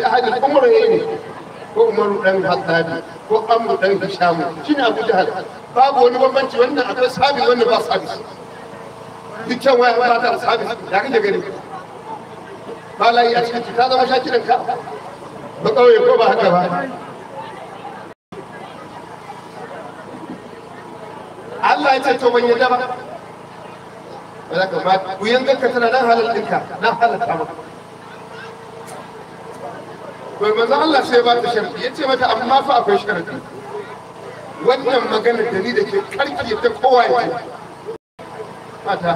bi ahadin umar yayi ko umaru dan hattabi ko amru dan shi ne abu jahal babu wani bambanci wannan akwai sabi wannan ba sahabi dukkan waya ba ta sabi da kake gani ba layi a cikin ta zama shakirin ka ba kauye ko ba haka ba Allah ya ce to ban yadda ba wala ka ma ku yanka tana nan halal ɗinka nan halal ta to manzo Allah sai ba ta sharadi yace mata amma fa akwai sharadi wannan magana da ni da ke karki ta kowa ya mata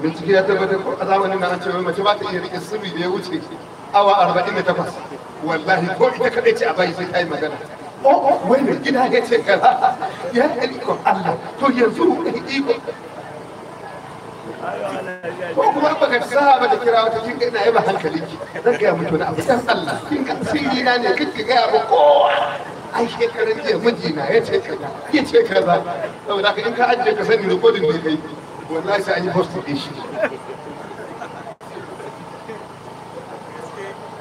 bincike ya tabbatar ko a zamanin nan an ce mace ba ta iya rike sirri da ya wuce awa 48 wallahi ko ita kadai ce a bai sai ta yi magana oh oh wai gida ya ce kaza ya ikon Allah to yanzu ikon ko kuma ba ka sa da kira wata kinga ina yaba hankali ki zan gaya mutu na abu dan Allah kinga sirri na ne kike gaya ba kowa ai shekaran jiya mijina ya ce kaza ya ce kaza saboda ka in ka ajiye ka sani rikodin ne kai wallahi sai an yi post din shi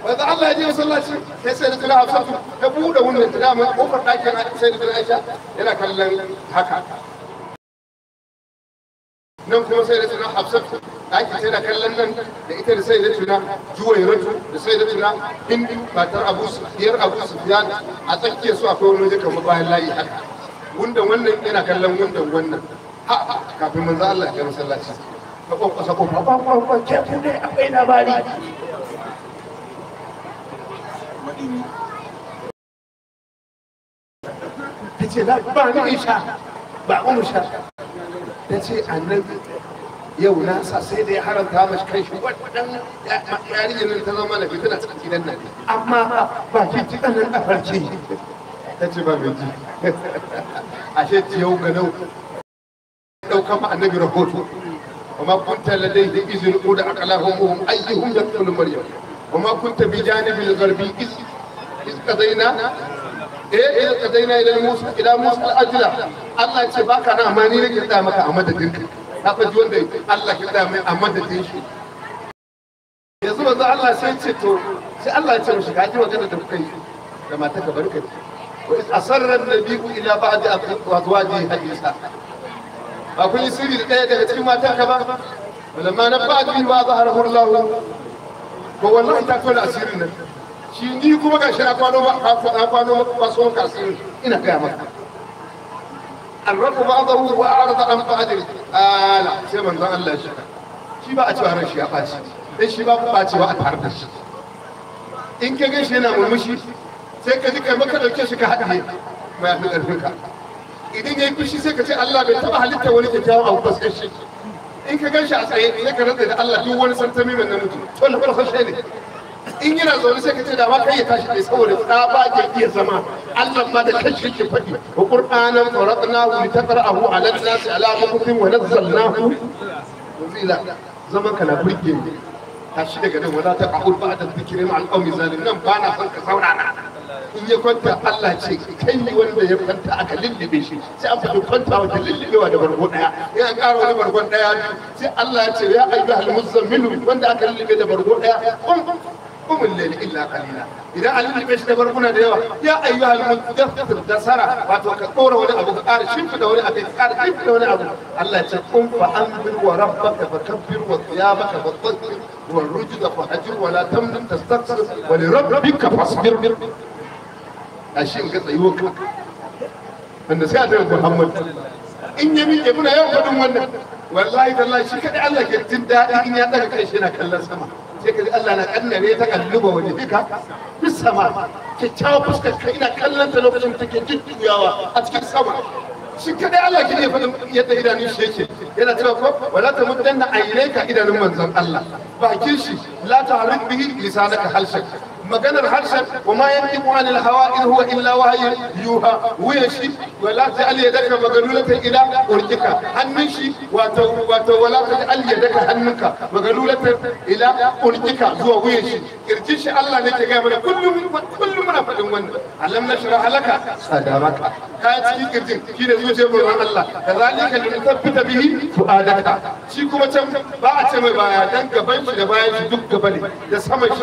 wanda Allah ya je masallaci sai sai da tana hafsatu ta buɗe wannan ta dama kofar ɗakin sai da tana aisha yana kallon haka nan kuma sai da tuna ake sai da kallon nan da ita da sai da tuna juwairatu da sai da tuna hindu Fatar abu biyar abu sufyan a tsakiyar su akwai wani kama bayan layi haka wundan wannan yana kallon wanda wannan ha kafin manzo Allah ya masallaci ka kwakwasa kofa kwakwakwa ke ku dai akwai labari ba ni isha ba na ce annabi yau na sa sai da ya haramta mashi kan shi waɗannan yarinyar nan ta zama na fitina cikin gidan nan amma ba ki ji ɗanan a farce ta ce ba mai ji ashe ci yau ga nau ɗaukan ma annabi rahoto وما كنت da إذ الأولى أقلهم وهم أيهم يقتل مريم وما كنت بجانب الغربي إذ قضينا da eh, ya iya kadaina idan musa idan musa al'ajila Allah ya ce baka na amma ni nake tsaya maka a madadin ka na faji wanda Allah ya tsaya mai a madadin shi yanzu manzo Allah sai ce to sai Allah ya ce mishi ka ji magana da kuka yi da mata ka barka ji wa is asarra ila ba'd azwaji hadisa ba kun yi sirri da ɗaya daga cikin mata ka ba ولما نبأت به ما ظهره الله ko wallahi ta kula asirin nan shi ni kuma ga na kwano ba a kwano kasuwan kasiri ina gaya maka الرب بعضه واعرض an بعض ala sai manzon Allah shi shi ba a cewa ran shi ya baci dan shi ba ku bacewa a tare da shi in ka ga shi yana murmushi sai ka ji kai maka dauke shi ka haɗe mai yafi ƙarfin ka idan yayi fushi sai ka ce Allah bai taba halitta wani kyakkyawan abu a sai shi in ka gan shi a tsaye sai ka rantsa da Allah duk wani santami mai na mutu to na farko shi ne in yana zaune sai ka ce da ba kai ya tashi ne saboda ta ba ke iya zama Allah ma da kashi yake faɗi wa qur'anan faradnahu li taqra'ahu 'ala an-nasi 'ala mukmin wa nazzalnahu tunzila zaman ka na burge ni tashi daga nan wala ta aqul ba'da dhikri ma'al qawmi zalim nan ba na son ka saurara in ya kwanta Allah ce kai wanda ya kwanta aka lullube shi sai an faɗi kwanta wata lullubewa da bargo ɗaya in an ƙara wani bargon ɗaya sai Allah ya ce ya ayyuhal muzammilu wanda aka lullube da bargo ɗaya kumul layl illa qalila idan an lullube shi da barkuna da yawa ya ayyuhal mudaffir dasara wato ka kora ka ƙara wani abu ka ƙara shimfiɗa wani abu Allah ce kun fa anzir wa rabbaka fakabbir wa thiyabaka fadhakkir wa rujza fahajir wa la tamnun tastakthir wa li rabbika fasbir ashe in ga tsayuwa ka wanda sai a tabbata Muhammad in ya miƙe muna wannan shi Allah ke jin daɗi in ya ɗaga kai shi yana kallon sama sai ka ji Allah na kannare ta kalluba waje duka bis sama kyakkyawa fuskar ka ina kallon ta lokacin da take jujjuyawa a cikin sama shi kadai Allah ki ne fadin yadda idanun shi yake yana cewa ko wala ta muddan da idanun manzon Allah bakin shi la ta harin bihi lisanaka halshaka maganar harshen wa ma yantiqu anil hawa in huwa illa wahyun yuha wuya shi wala ta'al yadaka magalulatan ila urkika hannun shi wato wato wala ta'al yadaka hannunka magalulatan ila urkika zuwa wuya shi kirjin shi Allah ne ke ga mana kullum kullum muna faɗin wannan alam nashra halaka sadaraka ka cikin kirjin shi ne zuciyar mu Allah kazalika linuthabbita bihi fuadaka shi kuma can ba a ce mai baya dan gaban shi da bayan shi duk gaba ne da saman